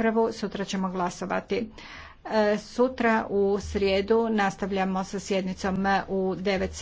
raspravu, sutra ćemo glasovati. E, sutra u srijedu nastavljamo sa sjednicom u 9 sati.